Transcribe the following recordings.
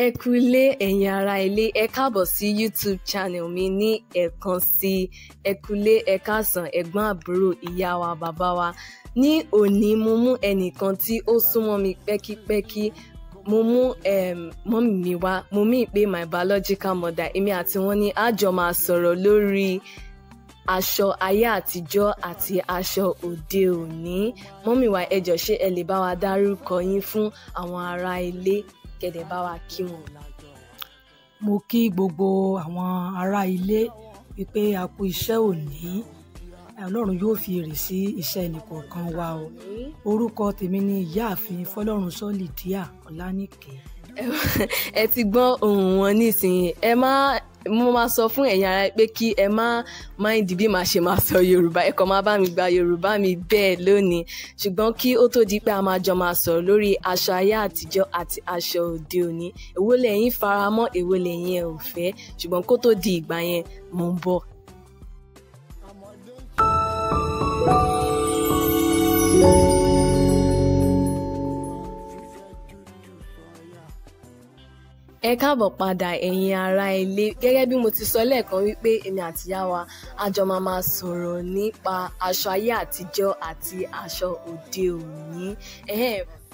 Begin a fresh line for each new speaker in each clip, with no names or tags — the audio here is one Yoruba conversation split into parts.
ẹ kú ilé ẹ̀yin ará ilé ẹ káàbọ̀ sí youtube channel mi ní ẹ̀ẹ̀kan sí ẹ kú ilé ẹ káàsán ẹ̀gbọ́n àbúrò ìyá wa bàbá wa ní òní mo mú ẹnìkan tí ó súnmọ́ mi pẹ́kípẹ́kí mo mú mọ́mì mi wá mo mí pé my biological mother èmi àti wọn ni a jọ máa sọ̀rọ̀ lórí aṣọ ayé àtijọ́ àti aṣọ òde òní mọ́mì wa ẹ ṣé ẹ lè bá wa dárúkọ yín fún àwọn ará ilé kẹ̀dẹ̀ bá wa kí wọn.
mo kí gbogbo àwọn ará ilé wípé a kú iṣẹ́ òní ọlọ́run yóò fi èrè sí iṣẹ́ ẹnìkọ̀ọ̀kan wa o orúkọ tèmi ni ìyáàfin fọlọ́run sọ́lì díà ọ̀lànìkẹ́.
ẹ ti gbọ́n ohùn wọn nísìnyí ẹ má mo máa sọ fún ẹ̀yin ara pé kí ẹ má mind bí màá ṣe máa sọ yorùbá ẹ máa bá mi gba yorùbá mi bẹ́ẹ̀ lónìí ṣùgbọ́n kí ó tó di pé a máa jọ máa sọ̀rọ̀ lórí aṣọ ayé àtijọ́ àti aṣọ òde òní èwo lẹ̀yin faramọ́ èwo lẹ̀yin ẹ ò fẹ́ ṣùgbọ́n kó tó di ìgbà yẹn mo ń bọ̀. ẹ káàbọ̀ padà ẹ̀yin ará ilé gẹ́gẹ́ bí mo ti sọ lẹ́ẹ̀kan wípé èmi àti ìyá wa a jọ máa máa sọ̀rọ̀ nípa aṣọ ayé àtijọ́ àti aṣọ òde òní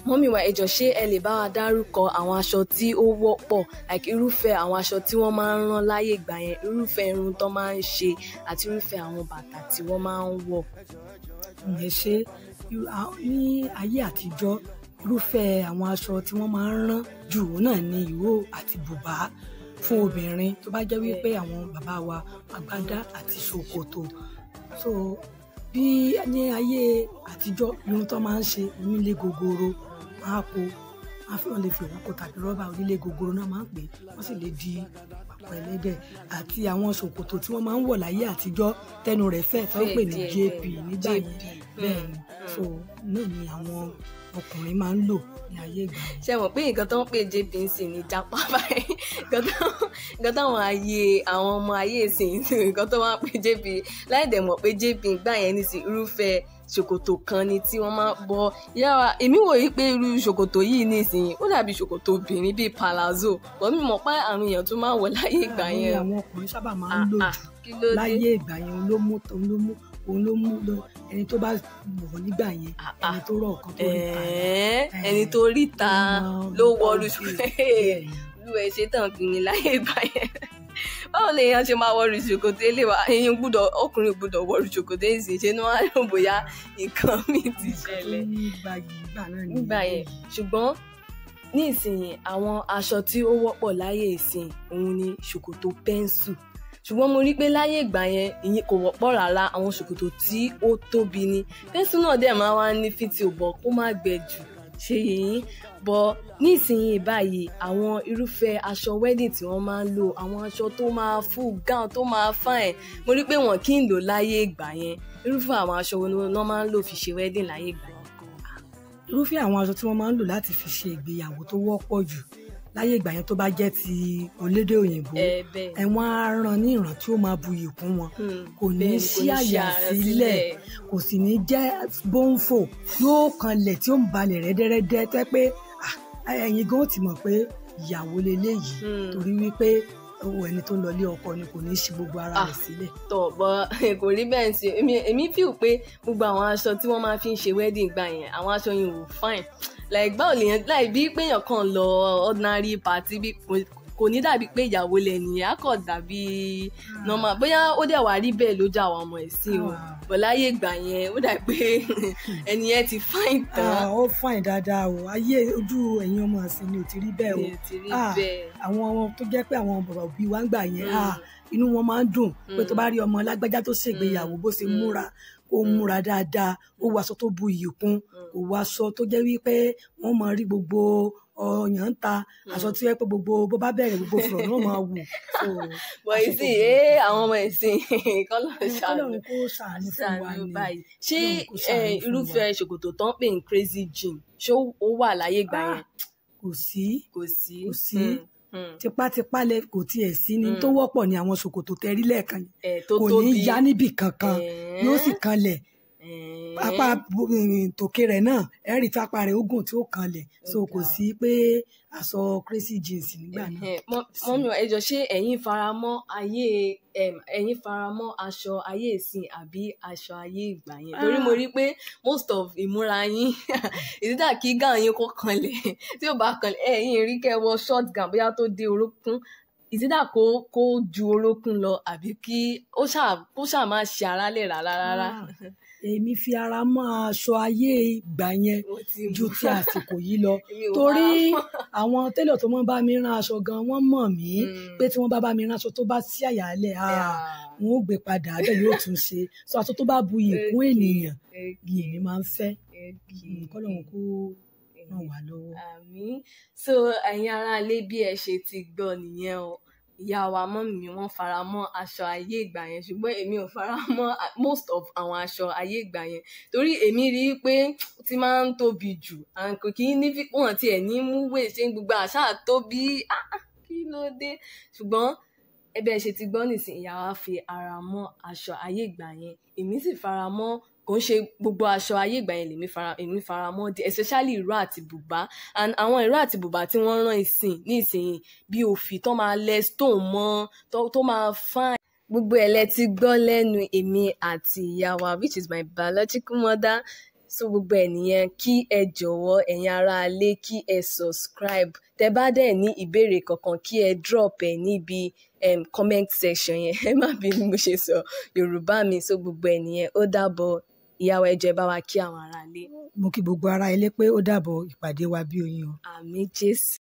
mọ́mí wa ẹjọ́ ṣé ẹ lè bá wa dárúkọ àwọn aṣọ tí ó wọ́pọ̀ like irúfẹ́ àwọn aṣọ tí wọ́n máa ń rán láyé ìgbà yẹn irúfẹ́ irun tó máa ń
ṣe àti irúfẹ́ àwọn bàtà tí wọ́n máa ń wọ̀. ǹjẹ́ ṣé ní ayé àtijọ́ irúfẹ́ àwọn aṣọ tí wọ́n máa ń rán jù òun náà ni ìró àti bùbá fún obìnrin tó bá jẹ́ wípé àwọn bàbá wa àgbádá àti ṣòkòtò so bí ní ayé àtijọ́ irun tó máa ń ṣe onílé gogoro máa po máa fi wọn lè fi òwúkọ tàbí rọ́bà onílé gogoro náà máa ń pè wọ́n sì lè di pàpọ̀ ẹlẹ́dẹ̀ àti àwọn ṣòkòtò tí wọ́n máa ń wọ̀ láyé àtijọ́ tẹnu rẹ̀ fẹ̀ tó ń pè ní jp nígbà yẹn mm, bẹ́ẹ̀ ni mm. so náà ni àwọn ọkùnrin máa ń lò ní ayé ìgbà.
ṣe mọ̀ pé nǹkan tó ń pè jp ń sìn ní japa báyìí nǹkan táwọn ayé àwọn ọmọ ayé ìsìn nǹkan tó máa ń pè jp láì dẹ̀ mọ̀ pé jp gbà yẹn ní sí irúfẹ́ ṣòkòtò kan ni tí wọ́n máa bọ́ yára èmi wòye pé irú ṣòkòtò yìí nísìnyí ó dàbí ṣòkòtò obìnrin bíi palazzo wọ́n mímọ̀ pé àwọn èèyàn tún máa ń wọ̀ láyé ìgbà yẹn. àwọn
ọkùnrin sábà máa ń ah, lò ah, láyé ìgbà yẹn ló mú òun ló mú lọ ẹni tó bá wọ̀ nígbà yẹn ah, ah. ẹni tó rọ̀ ọ̀kan tó rí ta eh, eh, ẹni tó rí ta ló wọlú
ṣùgbọ́n ẹ ṣe tán kí ni láyé báyẹn báwo lèèyàn ṣe máa wọrù ṣòkòtò ilé wa ẹyin gbúdọ̀ ọkùnrin gbúdọ̀ wọrù ṣòkòtò ẹsìn ṣe ni wọn á rò bóyá nǹkan mi ti ṣẹlẹ̀ nígbà yẹn ṣùgbọ́n ní ìsinyìí àwọn aṣọ tí ó wọ́pọ̀ láyé ìsìn òun ni ṣòkòtò pẹ́ńsù ṣùgbọ́n mo rí pé láyé ìgbà yẹn ìyẹn kò wọ́pọ̀ rárá àwọn ṣòkòtò tí ó tóbi ni pẹ́ńsù náà dẹ̀ máa wá ní fìtì ò bọ̀ kó má gbẹ jù ṣe yìnyín bọ̀ ní ìsinyìí báyìí àwọn irúfẹ́ aṣọ wedding tí wọ́n máa ń lò àwọn aṣọ tó máa full gown tó máa fine mo rí pé wọ́n kì í lò láyé ìgbà yẹn irúfẹ́ àwọn aṣọ wo ni wọ́n máa ń lò fi ṣe wedding láyé ìgbà yẹn.
irúfẹ́ àwọn aṣọ tí wọ́n máa ń lò láti fi ṣe ìgbéyàwó tó wọ́pọ̀ jù láyé ìgbà yẹn tó bá jẹ́ ti olédè òyìnbó ẹ̀wọ̀n aràn ní ìran tí ó máa bu ìkún wọn hmm, kò ní sí àyà sílẹ̀ kò sì ní jẹ́ bóńfò yóò kanlẹ̀ tí ó ń balẹ̀ rẹ́dẹ́rẹ́dẹ́ tẹ́ pé ẹ̀yin gan ó ti mọ̀ pé ìyàwó leléyìí hmm. torí wípé wo ẹni tó ń lọ ilé ọkọ ni kò ní í ṣe gbogbo ara rẹ̀ ah, sílẹ̀.
tọ̀bọ̀ kò rí bẹ́ẹ̀ ṣe èmi feel pé gbogbo àwọn aṣọ tí wọ́n máa fi ń ṣe wedding gbà yẹn àwọn aṣọ yẹn ò fine like báwo lèèyàn láì bí péyàn kan lọ ordinary party kò ní dàbí pé ìyàwó lẹ́nìyẹn á kọ̀ dàbí hmm. normal bóyá ó dẹ̀ wá rí bẹ́ẹ̀ ló já àwọn ọmọ ẹ̀ sí o hmm. bọ̀láyé ìgbà yẹn ó dàbí pé ẹni yẹn
ti fáìn tán. Ah, ó fáìn dáadáa o ayé ojú ẹ̀yin ọmọ àsìn ni ò ti rí bẹ́ẹ̀ o ah, àwọn tó jẹ́ pé àwọn bàbá òbí wa ń gbà yẹn hmm. ah, inú wọn máa ń dùn pé tó bá rí ọmọ lágbájá tó ṣègbéyàwó bó ṣe múra kó hmm. múra dáadáa ó wọ aṣọ tó bu iyì kún hmm. kó wọ aṣọ tó jẹ́ wípé wọ́n máa rí gbogbo ọyàn ń ta hmm. aṣọ tí wọ́n pẹ́ gbogbo bó bá bẹ̀rẹ̀ gbogbo fúlọ̀ náà máa wù. wọ́n yìí sì ẹ́ àwọn ọmọ ẹ̀sìn
kọ́lọ̀ ṣàánú ṣàánú báyìí ṣé eh, irúfẹ́ ṣòkòtò tó ń pè ní crazy jean ṣé ó wà láyé ìgbà ah, yẹn.
kò sí kò sí kò sí. Hmm. tipátipá lẹ kò tiẹ̀ sí ni hmm. tó wọ́pọ̀ ni àwọn ṣòkòtò tẹ́rí lẹ́ẹ̀kan eh, kò ní yá níbì kankan eh. yóò sì kanlẹ̀ pápá eh, tòkè rẹ̀ náà ẹ rí tápá rẹ̀ ogun tí ó kanlẹ̀ so kò sí pé aṣọ crazy jeans nígbà
náà. mọ́mí ẹ jọ ṣé ẹ̀yin faramọ́ ayé ẹ̀yin faramọ́ aṣọ ayé ìsìn àbí aṣọ ayé ìgbà yẹn ah. torí mo rí pé most of ìmúra yín ìdídà kí gàn yín kó kanlẹ̀ tí ò bá kanlẹ̀ ẹ̀yin rí kẹ́ short gown bóyá tó dé orúnkún ìsídà kó kó ju orókún lọ àbí kí ó ṣáà kó ṣáà máa ṣe ara lè rárá rárá. Ah,
èmi fi ara mọ́ aṣọ ayé ìgbà yẹn ju ti àsìkò yìí lọ torí àwọn télọ̀ tó mọ́ bá mi rán aṣọ gan wọ́n mọ̀ mí hmm. pé tí wọ́n bá bá mi rán aṣọ tó bá sí àyàlẹ̀ wọn ò gbé padà abẹ́ yóò tún ṣe sọ aṣọ tó bá bu ìkún ènìyàn ni èmi máa ń fẹ́ kọ́lọ́hún hmm, kú ràn wá lọ́wọ́. àmín
so ẹ̀yin aráalé bí ẹ ṣe ti gbọ́ nìyẹn o ìyá wa mọ́mì mi wọ́n fara mọ́ aṣọ ayé ìgbà yẹn ṣùgbọ́n èmi ò fara mọ́ most of àwọn aṣọ ayé ìgbà yẹn torí èmi rí i pé ó ti máa ń tóbi jù kò kí ní fípọ́n tiẹ̀ ní mú wèé ṣe gbogbo àṣà tó ah, ah, kí ló dé ṣùgbọ́n ẹbí ẹ ṣe ti gbọ́ nìsín ìyá wa fi ara mọ́ aṣọ ayé ìgbà yẹn èmi sì fara mọ́ kò ń ṣe gbogbo aṣọ ayé ìgbà yẹn lèmi fara fara mọ́ di especially ìró àti bùbá and àwọn ìró àti bùbá tí wọ́n rán ìsìn ní ìsìn bí òfì tó máa lẹ stone mọ́ tó máa fine gbogbo ẹ̀ lẹ ti gbọ́ lẹ́nu èmi àti ìyá wa which is my biological mother so gbogbo ẹ̀ nìyẹn kí ẹ jọ̀wọ́ ẹ̀yin aráalé kí ẹ subscribe tẹ bá dẹ̀ ní ìbéèrè kankan kí ẹ drop ẹ̀ níbi comment section yẹn ẹ má bínú mo ṣe sọ yorùbá mi so gbogbo ẹ̀ nìyẹn ó dàbọ̀ ìyàwó ẹjọ ẹ bá wa kí àwọn aráalé.
mo kí gbogbo ará ilé pé ó dàbọ̀ ìpàdé wa bí oyin o. àmín jésù.